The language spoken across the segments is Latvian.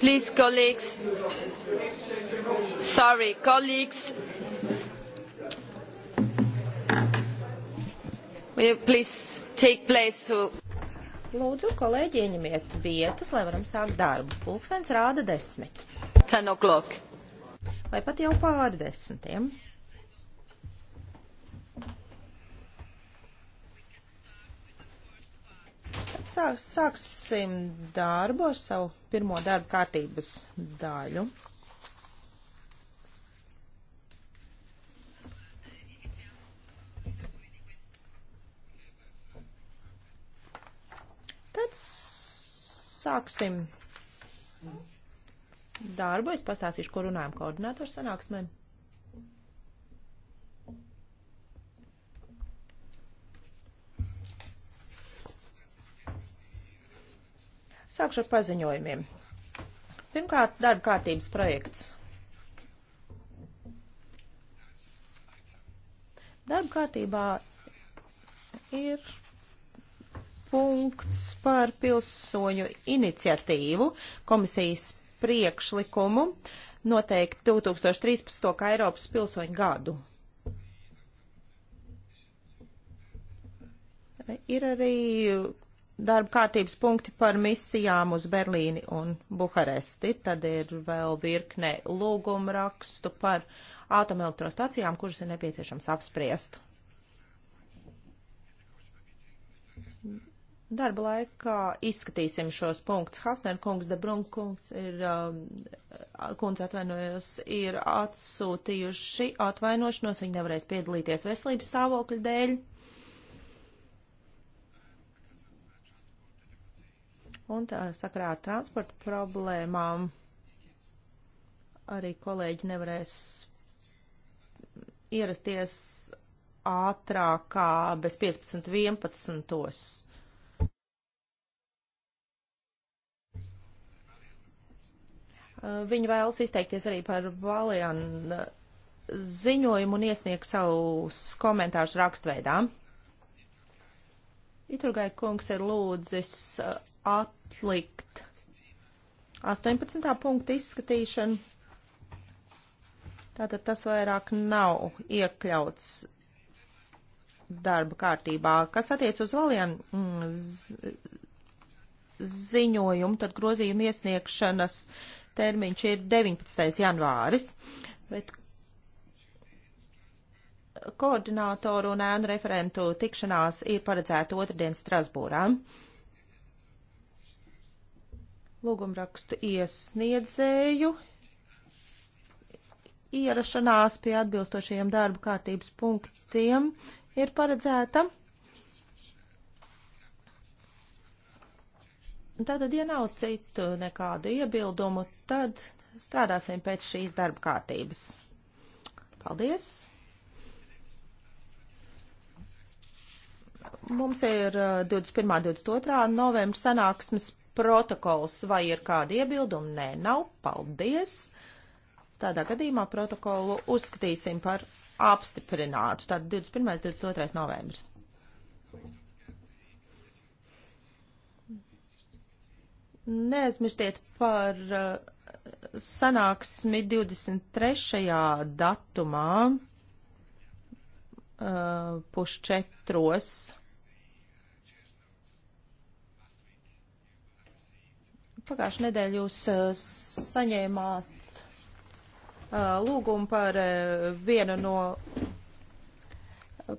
Please, colleagues. Sorry, colleagues. Will you please take place to... Lūdzu, kolēģi, ieņemiet vietas, lai varam sākt darbu. Pulkstens rāda desmit. Ten o'clock. Vai pat jau pāri desmitiem. sā, sāksim darbu ar savu pirmo darbu kārtības daļu. Tad sāksim darbu. Es pastāstīšu, ko runājam koordinātoru sanāksmēm. Sākšu ar paziņojumiem. Pirmkārt, darba kārtības projekts. Darba kārtībā ir punkts par pilsoņu iniciatīvu komisijas priekšlikumu noteikt 2013. kā Eiropas pilsoņu gadu. Ir arī darba kārtības punkti par misijām uz Berlīni un Buharesti. Tad ir vēl virkne lūgumu rakstu par atomelektrostacijām, kuras ir nepieciešams apspriest. Darba laikā izskatīsim šos punktus. Hafner kungs, Debrun kungs ir, um, kundze atvainojos, ir atsūtījuši atvainošanos, viņi nevarēs piedalīties veselības stāvokļa dēļ. Un tā sakarā ar transporta problēmām arī kolēģi nevarēs ierasties ātrāk kā bez 15.11. Viņi vēlas izteikties arī par Valjana ziņojumu un iesniegs savus komentārus rakstveidā. Iturgai kungs ir lūdzis uh, at atlikt 18. punktu izskatīšanu. Tātad tas vairāk nav iekļauts darba kārtībā. Kas attiec uz valienu mm, ziņojumu, tad grozījuma iesniegšanas termiņš ir 19. janvāris, bet koordinātoru un ēnu referentu tikšanās ir paredzēta otrdien Strasbūrā lūgumrakstu iesniedzēju ierašanās pie atbilstošajiem darba kārtības punktiem ir paredzēta. Tātad, ja nav citu nekādu iebildumu, tad strādāsim pēc šīs darba kārtības. Paldies! Mums ir 21. un 22. novembra sanāksmes protokols. Vai ir kādi iebildumi? Nē, nav. Paldies. Tādā gadījumā protokolu uzskatīsim par apstiprinātu. Tātad 21. 22. novembris. Neaizmirstiet par uh, sanāksmi 23. datumā pušķetros. Uh, Pagājušajā nedēļā jūs eh, saņēmāt eh, lūgumu par eh, vienu no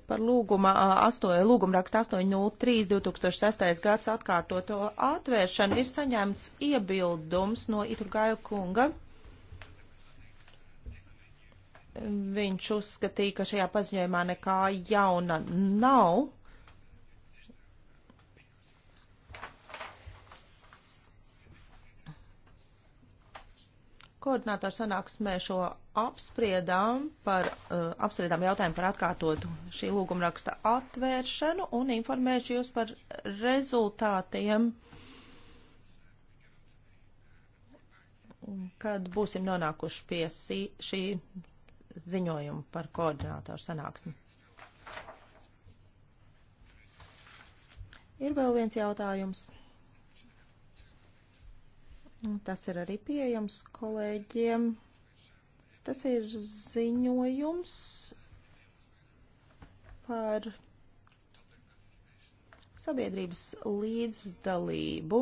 par lūguma, 8, lūguma raksta 803 2006. gads atkārtoto atvēršanu ir saņemts iebildums no Iturgāju kunga. Viņš uzskatīja, ka šajā paziņojumā nekā jauna nav. Koordinātoru sanāksmē šo apspriedām, par, uh, apspriedām jautājumu par atkārtotu šī lūgumraksta atvēršanu un informēšu jūs par rezultātiem, kad būsim nonākuši pie si, šī ziņojuma par koordinātoru sanāksmi. Ir vēl viens jautājums. Nu, tas ir arī pieejams kolēģiem. Tas ir ziņojums par sabiedrības līdzdalību.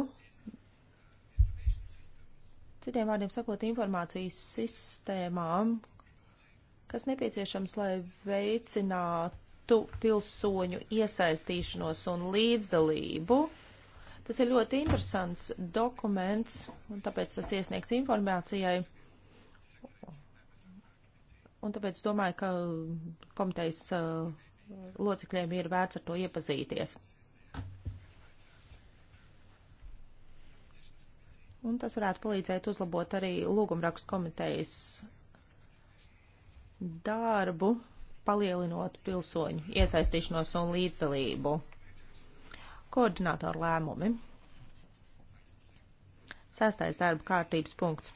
Citiem vārdiem sakot, informācijas sistēmām, kas nepieciešams, lai veicinātu pilsoņu iesaistīšanos un līdzdalību Tas ir ļoti interesants dokuments, un tāpēc tas iesniegts informācijai. Un tāpēc domāju, ka komitejas uh, locekļiem ir vērts ar to iepazīties. Un tas varētu palīdzēt uzlabot arī lūgumrakstu komitejas darbu, palielinot pilsoņu iesaistīšanos un līdzdalību. Koordinātoru lēmumi. Sestais darba kārtības punkts.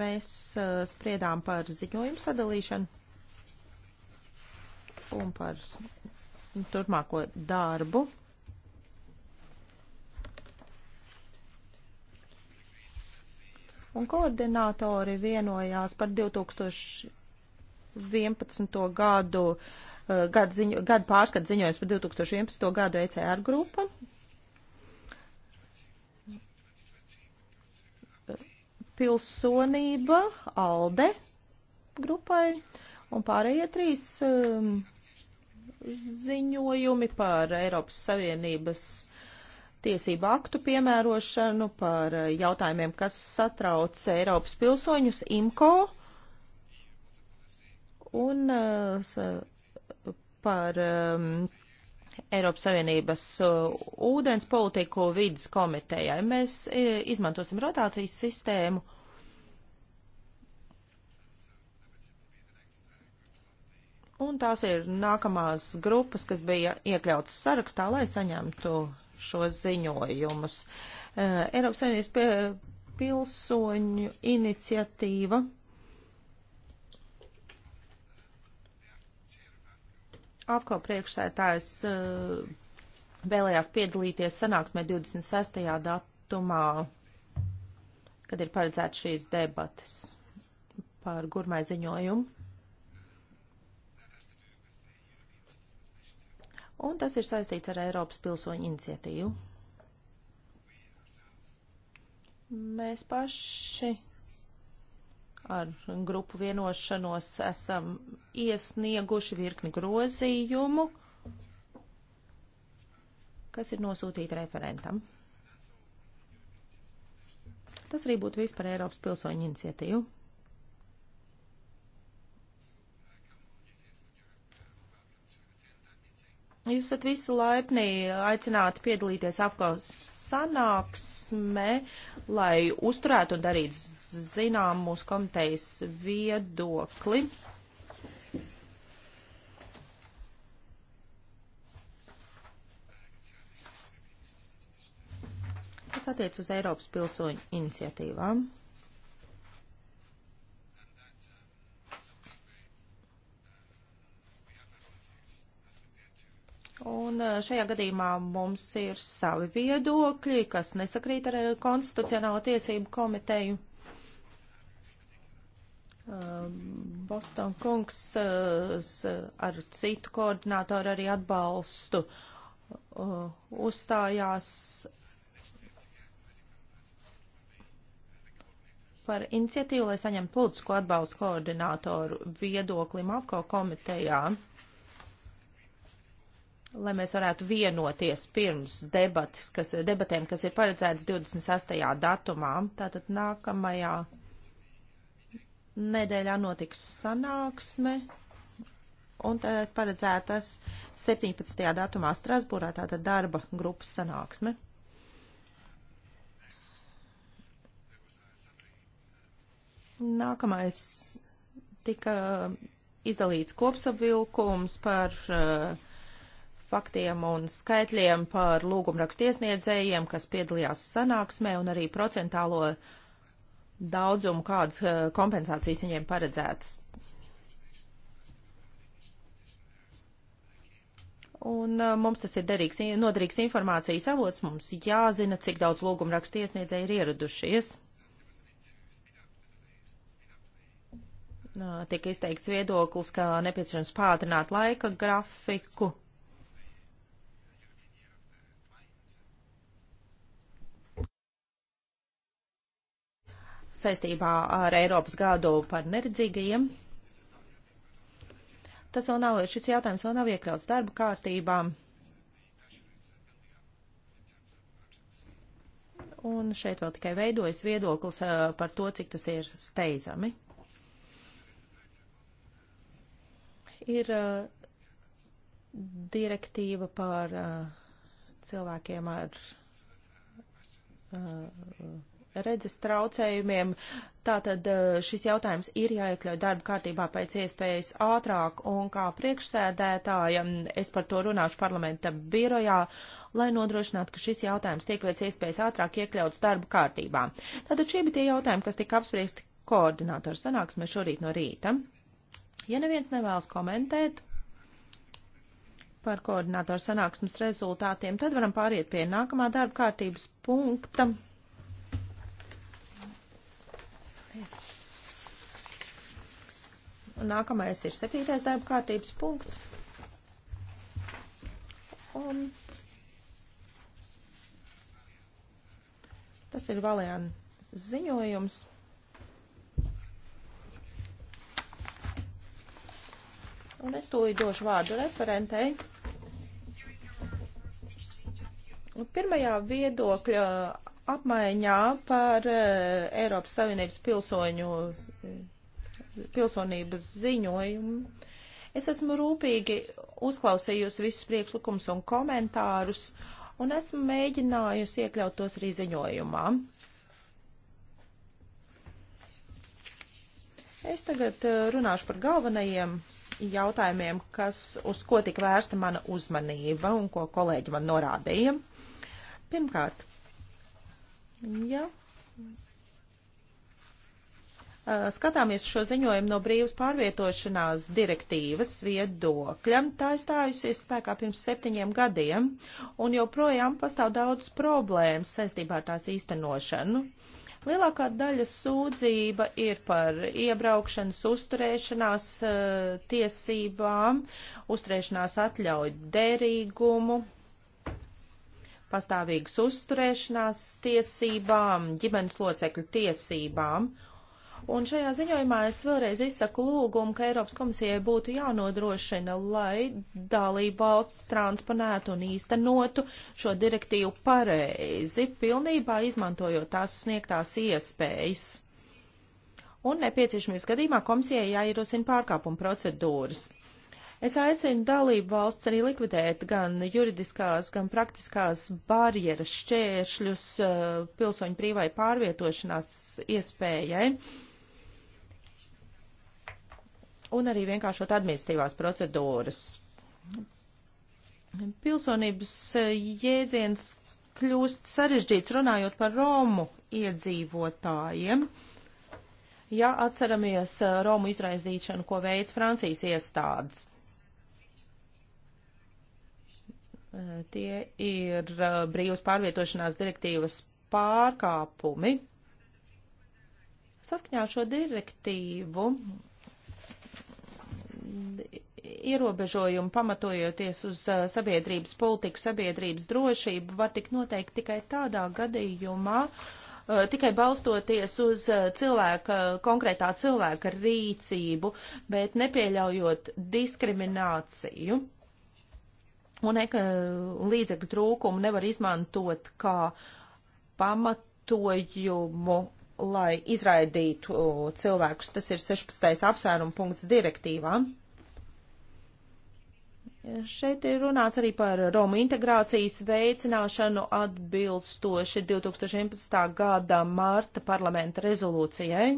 Mēs uh, spriedām par ziņojumu sadalīšanu un par turpmāko darbu. Un koordinātori vienojās par 2011. gadu uh, gada, ziņo, gada pārskata ziņojums par 2011. gadu ECR grupa. Pilsonība, ALDE grupai un pārējie trīs um, ziņojumi par Eiropas Savienības tiesību aktu piemērošanu, par uh, jautājumiem, kas satrauc Eiropas pilsoņus, IMCO un uh, par um, Eiropas Savienības uh, ūdens politiku vidas komitejai. Mēs uh, izmantosim rotācijas sistēmu. Un tās ir nākamās grupas, kas bija iekļautas sarakstā, lai saņemtu šos ziņojumus. Uh, Eiropas Savienības pie, pilsoņu iniciatīva AFCO priekšsētājs eh, vēlējās piedalīties sanāksmē 26. datumā, kad ir paredzēts šīs debatas par gurmai ziņojumu. un tas ir saistīts ar Eiropas pilsoņu iniciatīvu. Mēs paši ar grupu vienošanos esam iesnieguši virkni grozījumu, kas ir nosūtīti referentam. Tas arī būtu viss par Eiropas pilsoņu iniciatīvu. Jūs esat visi laipni aicināti piedalīties apkaus sanāksme, lai uzturētu un darītu zinām mūsu komitejas viedokli. Kas attiec uz Eiropas pilsoņu iniciatīvām? Eh, šajā gadījumā mums ir savi viedokļi, kas nesakrīt ar eh, konstitucionālo tiesību komiteju. Um, Boston kungs eh, ar citu koordinātoru arī atbalstu uzstājās par iniciatīvu, lai saņemtu politisko atbalstu koordinātoru viedoklim AFCO komitejā. Uh, lai mēs varētu vienoties pirms debatas, kas, debatēm, kas ir paredzētas 28. datumā. Tātad nākamajā nedēļā notiks sanāksme un paredzētas 17. datumā Strasbūrā, tātad darba grupas sanāksme. Nākamais tika uh, izdalīts kopsavilkums par uh, faktiem un skaitļiem par lūgumrakstu iesniedzējiem, kas piedalījās sanāksmē un arī procentālo daudzumu, kādas eh, kompensācijas viņiem paredzētas. Un eh, mums tas ir derīgs, noderīgs informācijas avots. Mums jāzina, cik daudz lūgumrakstu iesniedzēji ir ieradušies. Eh, tika izteikts viedoklis, ka nepieciešams pātrināt laika grafiku. saistībā ar Eiropas gadu par neredzīgajiem. Tas vēl nav, šis jautājums vēl nav iekļauts darba kārtībā. Un šeit vēl tikai veidojas viedoklis eh, par to, cik tas ir steidzami. Ir eh, direktīva par eh, cilvēkiem ar redzes traucējumiem. Tātad eh, šis jautājums ir jāiekļauj darba kārtībā pēc iespējas ātrāk, un kā priekšsēdētāja es par to runāšu parlamenta birojā, lai nodrošinātu, ka šis jautājums tiek pēc iespējas ātrāk iekļauts darba kārtībā. Tātad šie bija tie jautājumi, kas tika apspriesti koordinātoru sanāksmē šorīt no rīta. Ja neviens nevēlas komentēt par koordinātoru sanāksmes rezultātiem, tad varam pāriet pie nākamā darba kārtības punkta. Nākamais ir septītais darba kārtības punkts. Un tas ir Valēna ziņojums. Un es tūlīt došu vārdu referentei. Pirmajā viedokļa apmaiņā par uh, Eiropas Savienības pilsoņu, eh, pilsonības ziņojumu. Es esmu rūpīgi uzklausījusi visus priekšlikumus un komentārus, un esmu mēģinājusi iekļaut tos arī ziņojumā. Es tagad eh, runāšu par galvenajiem jautājumiem, kas, uz ko tika vērsta mana uzmanība un ko kolēģi man norādīja. Pirmkārt, Ja skatāmies šo ziņojumu no brīvas pārvietošanās direktīvas viedokļa. Tā izstājusies spēkā pirms septiņiem gadiem, un joprojām pastāv daudz problēmas saistībā ar tās īstenošanu. Lielākā daļa sūdzība ir par iebraukšanas uzturēšanās tiesībām, uzturēšanās atļauju derīgumu, pastāvīgas uzturēšanās tiesībām, ģimenes locekļu tiesībām. Un šajā ziņojumā es vēlreiz izsaku lūgumu, ka Eiropas komisijai būtu jānodrošina, lai dalība valsts transponētu un īstenotu šo direktīvu pareizi, pilnībā izmantojot tās sniegtās iespējas. Un nepieciešamības gadījumā komisijai jāierosina pārkāpuma procedūras. Es aicinu dalību valsts arī likvidēt gan juridiskās, gan praktiskās barjeras šķēršļus eh, pilsoņu brīvai pārvietošanās iespējai un arī vienkāršot administratīvās procedūras. Pilsonības eh, jēdziens kļūst sarežģīts runājot par Romu iedzīvotājiem. Ja atceramies eh, Romu izraidīšanu, ko veids Francijas iestādes. Tie ir uh, brīvas pārvietošanās direktīvas pārkāpumi. Saskaņā ar šo direktīvu ierobežojumi pamatojoties uz uh, sabiedrības politiku, sabiedrības drošību var tik noteikti tikai tādā gadījumā, uh, tikai balstoties uz cilvēka, konkrētā cilvēka rīcību, bet nepieļaujot diskrimināciju un līdzekļu trūkumu nevar izmantot kā pamatojumu, lai izraidītu cilvēkus. Tas ir 16. apsvērumu punkts direktīvā. Šeit ir runāts arī par Romu integrācijas veicināšanu atbilstoši 2011. gada mārta parlamenta rezolūcijai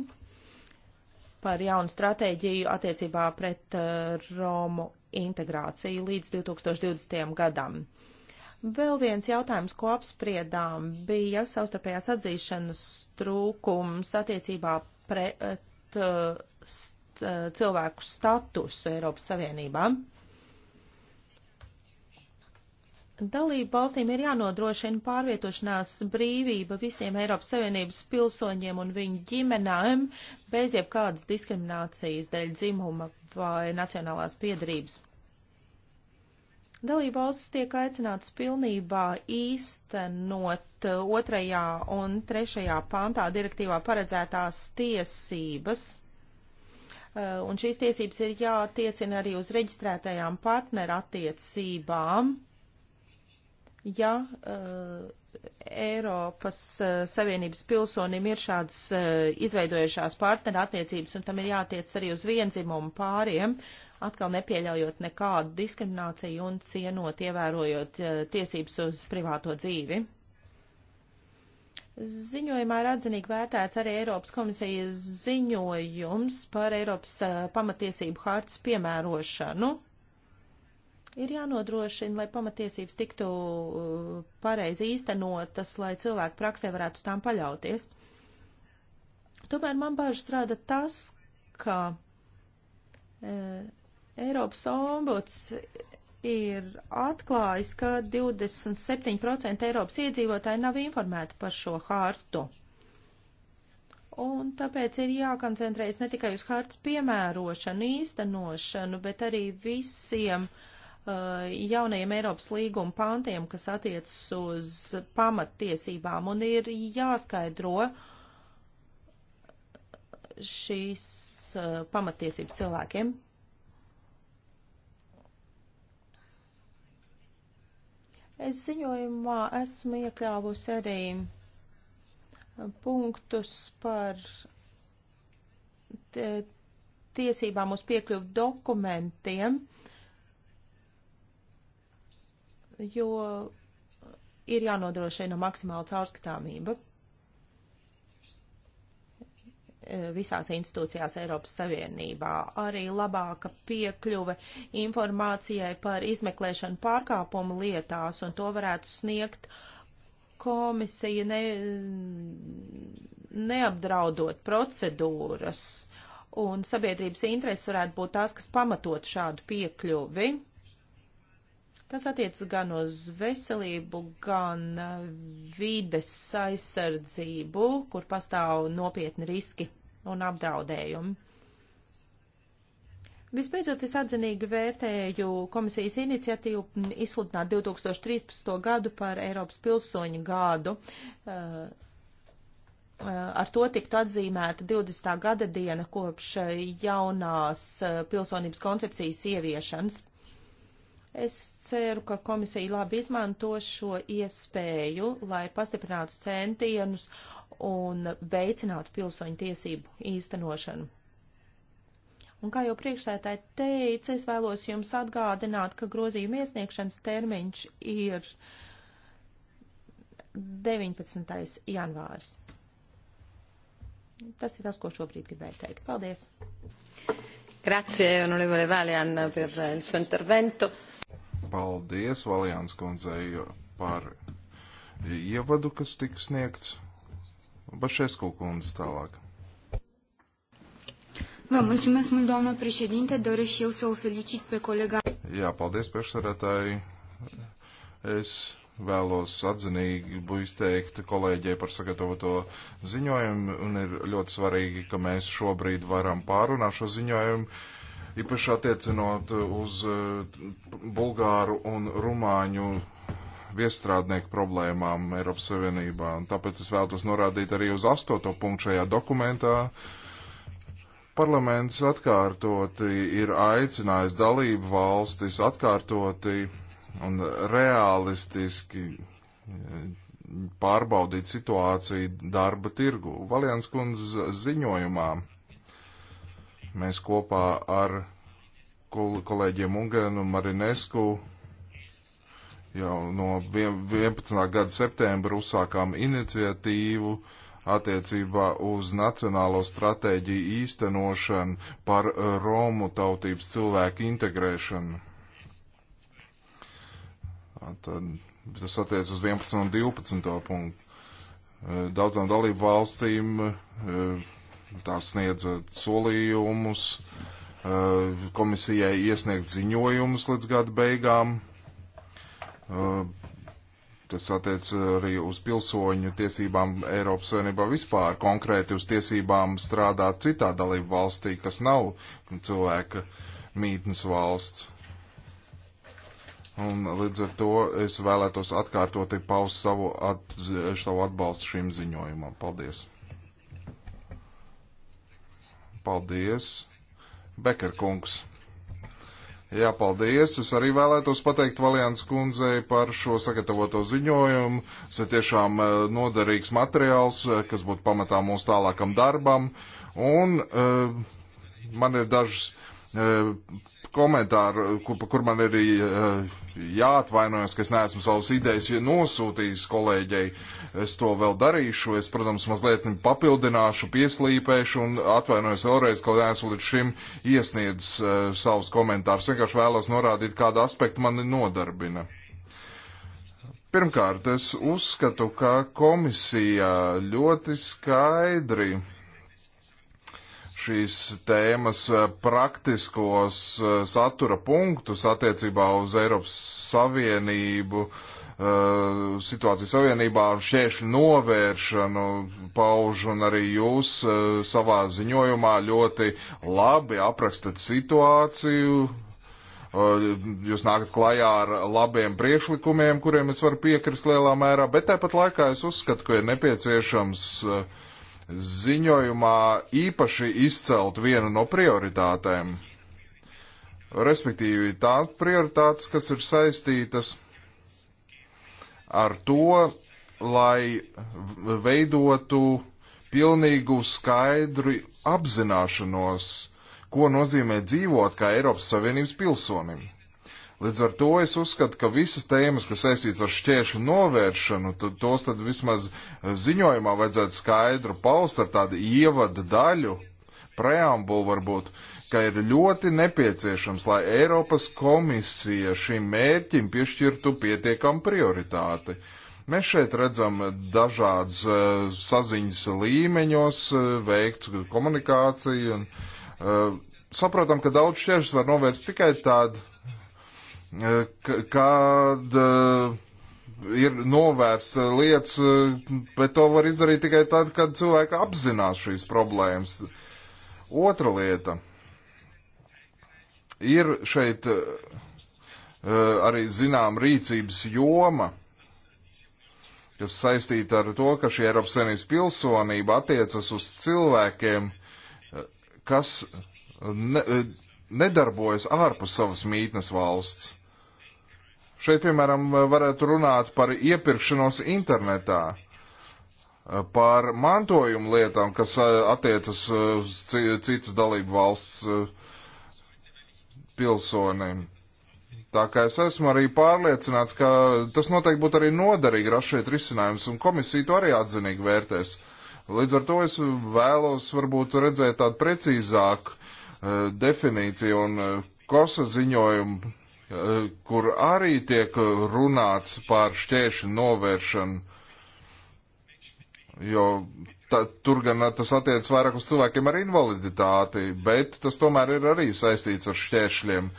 par jaunu stratēģiju attiecībā pret eh, Romu integrāciju līdz 2020. gadam. Vēl viens jautājums, ko apspriedām, bija savstarpējās atzīšanas trūkums attiecībā pret uh, st, uh, cilvēku statusu Eiropas Savienībā. Uh, Dalību valstīm ir jānodrošina pārvietošanās brīvība visiem Eiropas Savienības pilsoņiem un viņu ģimenēm bez jebkādas diskriminācijas dēļ dzimuma vai nacionālās piedarības. Dalību valstis tiek aicināts pilnībā īstenot otrajā un trešajā pantā direktīvā paredzētās tiesības uh, un šīs tiesības ir jātiecina arī uz reģistrētajām partnerattiecībām ja uh, Eiropas uh, Savienības pilsonim ir šādas uh, izveidojušās partnera attiecības, un tam ir jātiec arī uz vienzimumu pāriem, atkal nepieļaujot nekādu diskrimināciju un cienot, ievērojot uh, tiesības uz privāto dzīvi. Ziņojumā ir atzinīgi vērtēts arī Eiropas komisijas ziņojums par Eiropas uh, pamatiesību hārtas piemērošanu. Nu, Ir jānodrošina, lai pamatiesības tiktu uh, pareizi īstenotas, lai cilvēki praksē varētu uz tām paļauties. Tomēr man bažas rada tas, ka e, Eiropas ombuds ir atklājis, ka 27% Eiropas iedzīvotāji nav informēti par šo hartu. Un tāpēc ir jākoncentrējas ne tikai uz hartas piemērošanu, īstenošanu, bet arī visiem uh, Uh, jaunajiem Eiropas līguma pantiem, kas attiecas uz pamattiesībām, un ir jāskaidro šīs uh, pamattiesības cilvēkiem. Es ziņojumā esmu iekļāvusi arī punktus par tiesībām uz piekļuvu dokumentiem jo ir jānodrošina maksimāla caurskatāmība visās institūcijās Eiropas Savienībā. Arī labāka piekļuve informācijai par izmeklēšanu pārkāpumu lietās, un to varētu sniegt komisija ne, neapdraudot procedūras, un sabiedrības intereses varētu būt tās, kas pamatot šādu piekļuvi. Tas attiecas gan uz veselību, gan uh, vides aizsardzību, kur pastāv nopietni riski un apdraudējumi. Visbeidzot, es atzinīgi vērtēju komisijas iniciatīvu izsludināt 2013. gadu par Eiropas pilsoņu gadu. Uh, uh, ar to tiktu atzīmēta 20. gada diena kopš jaunās pilsonības koncepcijas ieviešanas. Es ceru, ka komisija labi izmanto šo iespēju, lai pastiprinātu centienus un veicinātu pilsoņu tiesību īstenošanu. Un kā jau priekšsētāji teica, es vēlos jums atgādināt, ka grozījuma iesniegšanas termiņš ir 19. janvārs. Tas ir tas, ko šobrīd gribēju teikt. Paldies! Grazie, onorevole Valian, per il suo intervento. Paldies Valjāns kundzei par ievadu, kas tika sniegts. Bašesku kundze tālāk. Vă mulțumesc mult, doamnă președinte, doresc și eu să o felicit pe colega. Jā, paldies, priekšsarētāji. Es vēlos atzinīgi izteikt kolēģei par sagatavoto ziņojumu, un ir ļoti svarīgi, ka mēs šobrīd varam pārunāt šo ziņojumu īpaši attiecinot uz eh, bulgāru un rumāņu viestrādnieku problēmām Eiropas Savienībā. Un tāpēc es vēlos norādīt arī uz astoto punktu šajā dokumentā. Parlaments atkārtoti ir aicinājis dalību valstis atkārtoti un realistiski eh, pārbaudīt situāciju darba tirgu. Valjans kundze ziņojumā mēs kopā ar kol kolēģiem Ungenu un Marinesku jau no 11. gada septembra uzsākām iniciatīvu attiecībā uz nacionālo stratēģiju īstenošanu par Romu tautības cilvēku integrēšanu. Tad, tas attiec uz 11. un 12. punktu. Daudzām dalību valstīm e, tā sniedza solījumus, eh, komisijai iesniegt ziņojumus līdz gada beigām. Eh, tas attiec arī uz pilsoņu tiesībām Eiropas Savienībā vispār, konkrēti uz tiesībām strādāt citā dalību valstī, kas nav cilvēka mītnes valsts. Un līdz ar to es vēlētos atkārtoti paust savu, at, savu atbalstu šim ziņojumam. Paldies! Paldies. Beker kungs. Jā, paldies. Es arī vēlētos pateikt Valjāns kundzei par šo sagatavoto ziņojumu. Tas ir tiešām eh, noderīgs materiāls, eh, kas būtu pamatā mūsu tālākam darbam. Un uh, man ir dažas Eh, komentāru, kur, kur man ir eh, jāatvainojas, ka es neesmu savas idejas ja nosūtījis kolēģei. Es to vēl darīšu. Es, protams, mazliet papildināšu, pieslīpēšu un atvainojos vēlreiz, ka neesmu līdz šim iesniedzis uh, savus komentārus. Vienkārši vēlos norādīt, kādu aspektu mani nodarbina. Pirmkārt, es uzskatu, ka komisija ļoti skaidri šīs tēmas eh, praktiskos eh, satura punktus attiecībā uz Eiropas Savienību, eh, situāciju Savienībā un šķēršļu novēršanu pauž, un arī jūs savā ziņojumā ļoti labi aprakstat situāciju. Jūs nākat klajā ar labiem priekšlikumiem, kuriem es varu piekrist lielā mērā, bet tāpat laikā es uzskatu, ka ir nepieciešams uh, ziņojumā īpaši izcelt vienu no prioritātēm, respektīvi tās prioritātes, kas ir saistītas ar to, lai veidotu pilnīgu skaidru apzināšanos, ko nozīmē dzīvot kā Eiropas Savienības pilsonim. Līdz ar to es uzskatu, ka visas tēmas, kas saistīts ar šķēršļu novēršanu, tad tos tad vismaz eh, ziņojumā vajadzētu skaidru paust ar tādu ievada daļu, preambulu varbūt, ka ir ļoti nepieciešams, lai Eiropas komisija šim mērķim piešķirtu pietiekam prioritāti. Mēs šeit redzam dažādas uh, saziņas līmeņos, uh, eh, veiktu komunikāciju. Un, uh, saprotam, ka daudz šķēršļus var novērst tikai tādā kāda ir novērs lietas, bet to var izdarīt tikai tad, kad cilvēki apzinās šīs problēmas. Otra lieta. Ir šeit eh, arī zinām rīcības joma, kas saistīta ar to, ka šī Eiropas Savienības pilsonība attiecas uz cilvēkiem, eh, kas ne, eh, nedarbojas ārpus savas mītnes valsts. Šeit, piemēram, varētu runāt par iepirkšanos internetā, par mantojumu lietām, kas eh, attiecas eh, uz citas dalību valsts eh, pilsoniem. Tā kā es esmu arī pārliecināts, ka tas noteikti būtu arī noderīgi rašīt risinājums, un komisija to arī atzinīgi vērtēs. Līdz ar to es vēlos varbūt redzēt tādu precīzāku uh, definīciju un uh, kosa ziņojumu Eh, kur arī tiek runāts par šķēršļu novēršanu, jo ta, tur gan tas attiec vairāk uz cilvēkiem ar invaliditāti, bet tas tomēr ir arī saistīts ar šķēršļiem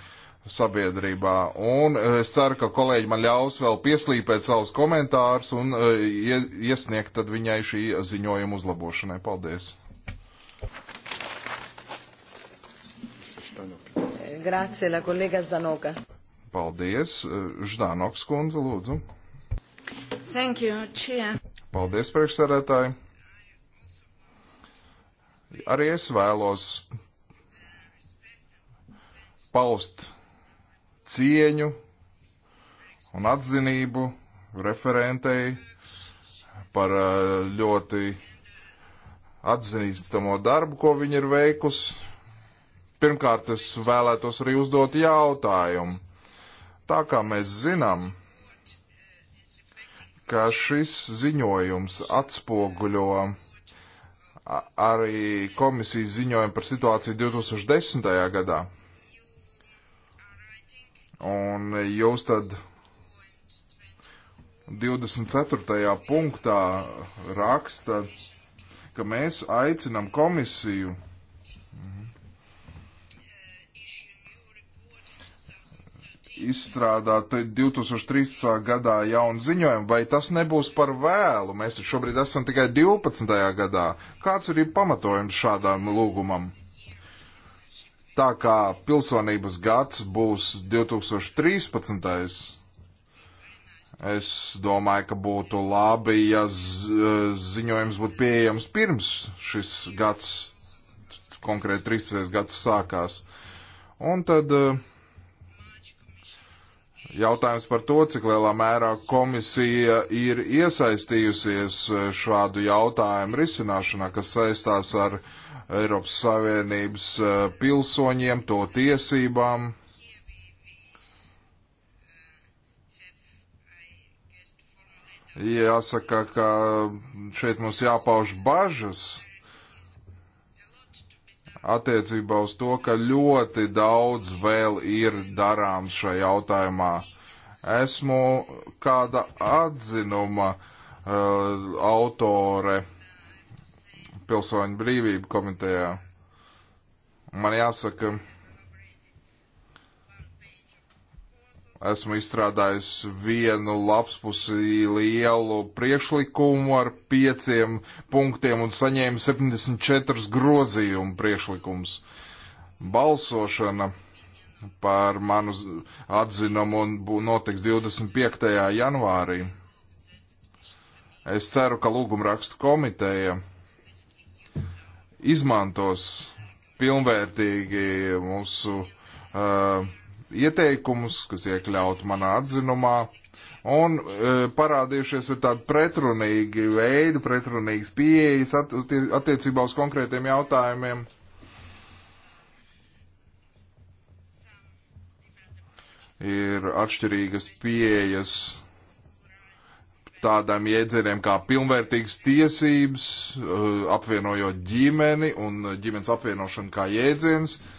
sabiedrībā. Un eh, es ceru, ka kolēģi man ļaus vēl pieslīpēt savus komentārus un eh, ie, iesniegt tad viņai šī ziņojuma uzlabošanai. Paldies! Grazie, la collega Zanoka. Paldies. Ždānoks kundze, lūdzu. Thank you, Chia. Paldies, priekšsarētāji. Arī es vēlos paust cieņu un atzinību referentei par eh, ļoti atzīstamo darbu, ko viņa ir veikusi. Pirmkārt, es vēlētos arī uzdot jautājumu. Tā kā mēs zinām, ka šis ziņojums atspoguļo arī komisijas ziņojumu par situāciju 2010. gadā. Un jūs tad 24. punktā raksta, ka mēs aicinam komisiju izstrādāt 2013. gadā jaunu ziņojumu, vai tas nebūs par vēlu? Mēs šobrīd esam tikai 12. gadā. Kāds ir pamatojums šādām lūgumam? Tā kā pilsonības gads būs 2013. Es domāju, ka būtu labi, ja e, ziņojums būtu pieejams pirms šis gads, konkrēti 13. gads sākās. Un tad uh, Jautājums par to, cik lielā mērā komisija ir iesaistījusies šādu jautājumu risināšanā, kas saistās ar Eiropas Savienības eh, pilsoņiem, to tiesībām. Jāsaka, ka šeit mums jāpauž bažas attiecībā uz to, ka ļoti daudz vēl ir darāms šajā jautājumā. Esmu kāda atzinuma uh, autore Pilsoņu brīvību komitejā. Man jāsaka, ka esmu izstrādājis vienu lapspusi lielu priekšlikumu ar pieciem punktiem un saņēmu 74 grozījumu priekšlikums. Balsošana par manu atzinumu notiks 25. janvārī. Es ceru, ka lūgumrakstu komiteja izmantos pilnvērtīgi mūsu uh, ieteikumus, kas iekļauti manā atzinumā, un e, parādījušies ir tādi pretrunīgi veidi, pretrunīgas pieejas att, attiecībā uz konkrētiem jautājumiem. Ir atšķirīgas pieejas tādām jēdzieniem kā pilnvērtīgas tiesības, e, apvienojot ģimeni un ģimenes apvienošanu kā jēdziens. Uh,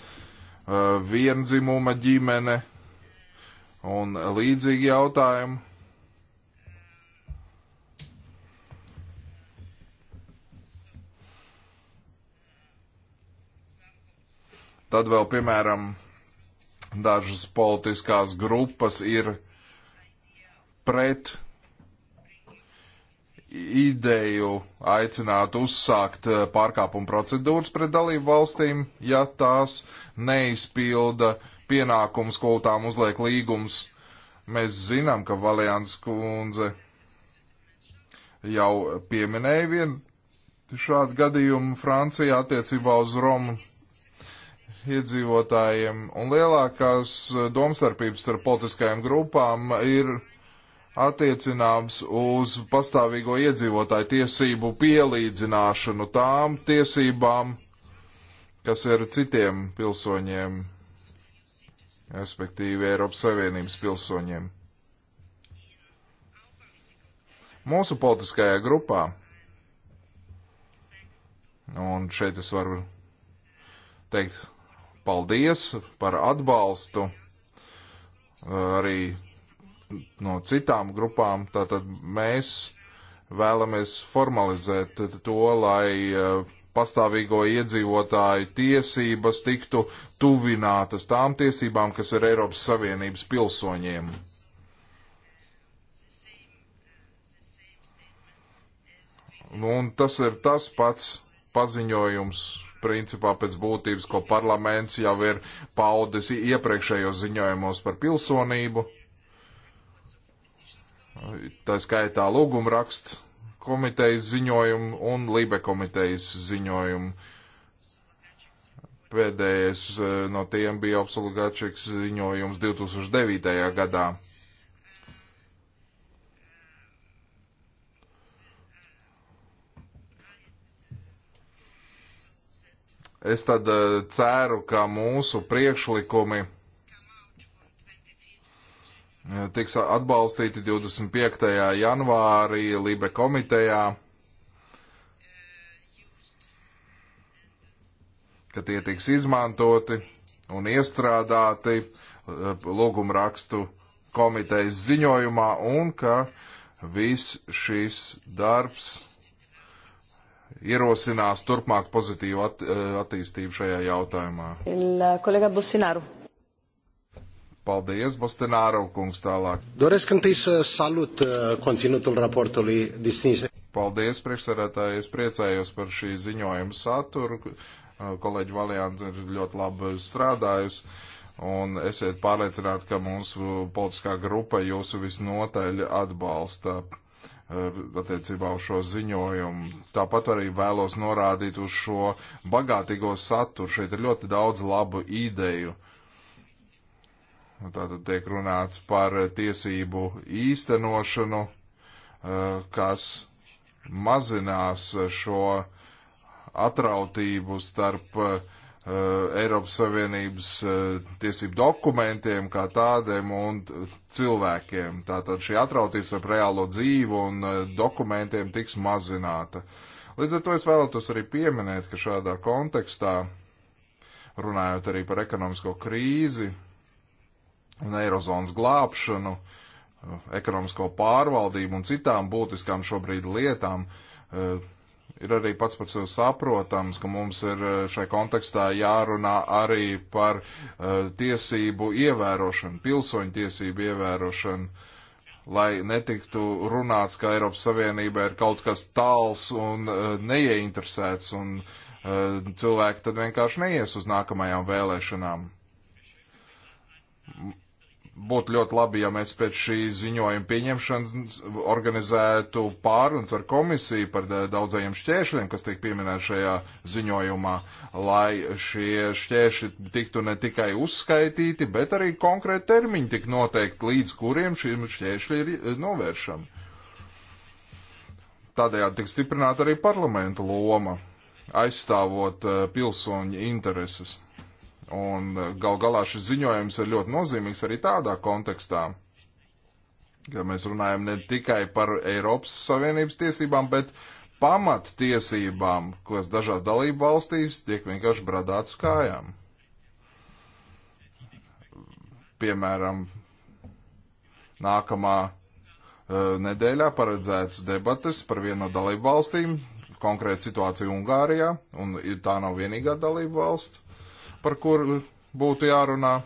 Eh, vienzimuma ģimene un līdzīgi jautājumi. Tad vēl, piemēram, dažas politiskās grupas ir pret ideju aicināt uzsākt eh, pārkāpumu procedūras pret dalību valstīm, ja tās neizpilda pienākums, ko tām uzliek līgums. Mēs zinām, ka Valians kundze jau pieminēja vienu šādu gadījumu Francijā attiecībā uz Romu iedzīvotājiem, un lielākās eh, domstarpības starp politiskajām grupām ir attiecināms uz pastāvīgo iedzīvotāju tiesību pielīdzināšanu tām tiesībām, kas ir citiem pilsoņiem, respektīvi Eiropas Savienības pilsoņiem. Mūsu politiskajā grupā, un šeit es varu teikt paldies par atbalstu arī no citām grupām, tātad mēs vēlamies formalizēt to, lai e, pastāvīgo iedzīvotāju tiesības tiktu tuvinātas tām tiesībām, kas ir Eiropas Savienības pilsoņiem. Nu, un tas ir tas pats paziņojums, principā pēc būtības, ko parlaments jau ir paudis iepriekšējos ziņojumos par pilsonību tā skaitā lūguma rakstu komitejas ziņojumu un Libe komitejas ziņojumu. Pēdējais eh, no tiem bija Opsolgačiks ziņojums 2009. gadā. Es tad eh, ceru, ka mūsu priekšlikumi Eh, tiks atbalstīti 25. janvārī Libe komitejā, ka tie tiks izmantoti un iestrādāti eh, lūgumrakstu komitejas ziņojumā un ka viss šis darbs ierosinās turpmāk pozitīvu at, eh, attīstību šajā jautājumā. Il, kolega Bosināru. Paldies, Bostināro kungs, tālāk. Doresc întâi să salut uh, conținutul raportului distins. Paldies, priekšsarētāji, es priecājos par šī ziņojuma saturu. Uh, kolēģi Valiants ir ļoti labi strādājusi. Un esiet pārliecināti, ka mūsu politiskā grupa jūsu visnotaļ atbalsta uh, attiecībā uz šo ziņojumu. Tāpat arī vēlos norādīt uz šo bagātīgo saturu. Šeit ir ļoti daudz labu ideju Tātad tiek runāts par tiesību īstenošanu, eh, kas mazinās šo atrautību starp eh, Eiropas Savienības eh, tiesību dokumentiem kā tādiem un cilvēkiem. Tātad šī atrautības ar reālo dzīvi un dokumentiem tiks mazināta. Līdz ar to es vēlētos arī pieminēt, ka šādā kontekstā, runājot arī par ekonomisko krīzi, un eirozonas glābšanu, ekonomisko pārvaldību un citām būtiskām šobrīd lietām, eh, ir arī pats par sevi saprotams, ka mums ir eh, šai kontekstā jārunā arī par eh, tiesību ievērošanu, pilsoņu tiesību ievērošanu lai netiktu runāts, ka Eiropas Savienība ir kaut kas tāls un uh, neieinteresēts, un uh, cilvēki tad vienkārši neies uz nākamajām vēlēšanām būtu ļoti labi, ja mēs pēc šī ziņojuma pieņemšanas organizētu pārunas ar komisiju par daudzajiem šķēršļiem, kas tiek pieminēti šajā ziņojumā, lai šie šķēršļi tiktu ne tikai uzskaitīti, bet arī konkrēti termiņi tik noteikti, līdz kuriem šiem šķēršļi ir eh, novēršami. Tādējādi tiks stiprināta arī parlamenta loma, aizstāvot eh, pilsoņu intereses. Un eh, gal galā šis ziņojums ir ļoti nozīmīgs arī tādā kontekstā, ka mēs runājam ne tikai par Eiropas Savienības tiesībām, bet pamattiesībām, kas dažās dalību valstīs tiek vienkārši bradāts kājām. Piemēram, nākamā uh, nedēļā paredzēts debates par vienu no dalību valstīm, konkrēta situācija Ungārijā, un tā nav vienīgā dalību valsts par kuru būtu jārunā.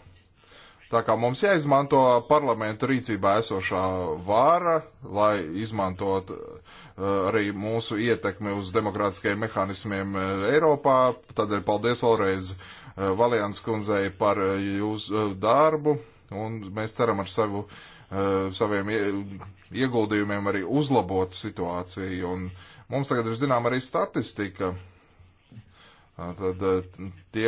Tā kā mums jāizmanto parlamentu rīcībā esošā vāra, lai izmantot eh, arī mūsu ietekmi uz demokrātiskajiem mehānismiem eh, Eiropā. Tādēļ paldies vēlreiz eh, Valians kundzei par jūsu darbu, un mēs ceram ar savu, saviem ieguldījumiem arī uzlabot situāciju. Un mums tagad ir zinām arī statistika. Tad tie,